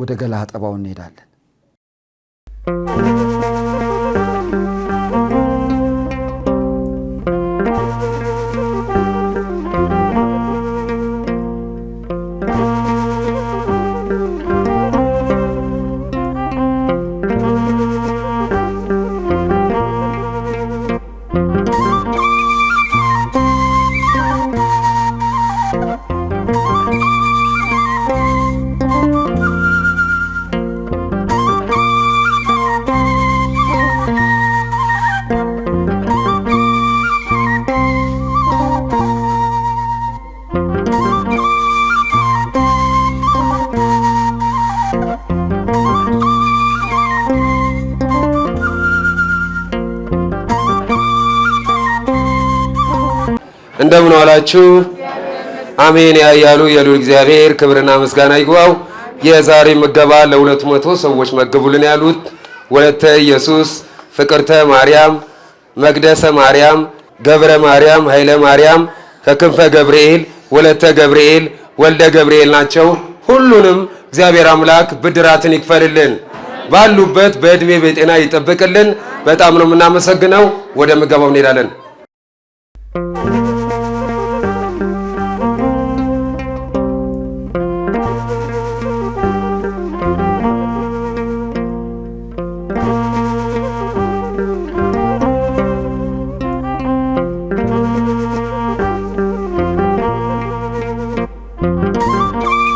ወደ ገላ አጠባውን እንሄዳለን። እንደምን ዋላችሁ? አሜን ያያሉ የሉል እግዚአብሔር ክብርና ምስጋና ይግባው። የዛሬ ምገባ ለሁለት መቶ ሰዎች መግቡልን ያሉት ወለተ ኢየሱስ፣ ፍቅርተ ማርያም፣ መቅደሰ ማርያም፣ ገብረ ማርያም፣ ኃይለ ማርያም፣ ከክንፈ ገብርኤል፣ ወለተ ገብርኤል፣ ወልደ ገብርኤል ናቸው። ሁሉንም እግዚአብሔር አምላክ ብድራትን ይክፈልልን፣ ባሉበት በእድሜ በጤና ይጠብቅልን። በጣም ነው የምናመሰግነው። ወደ ምገባው እንሄዳለን። Thank you.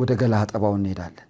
ወደ ገላ አጠባው እንሄዳለን።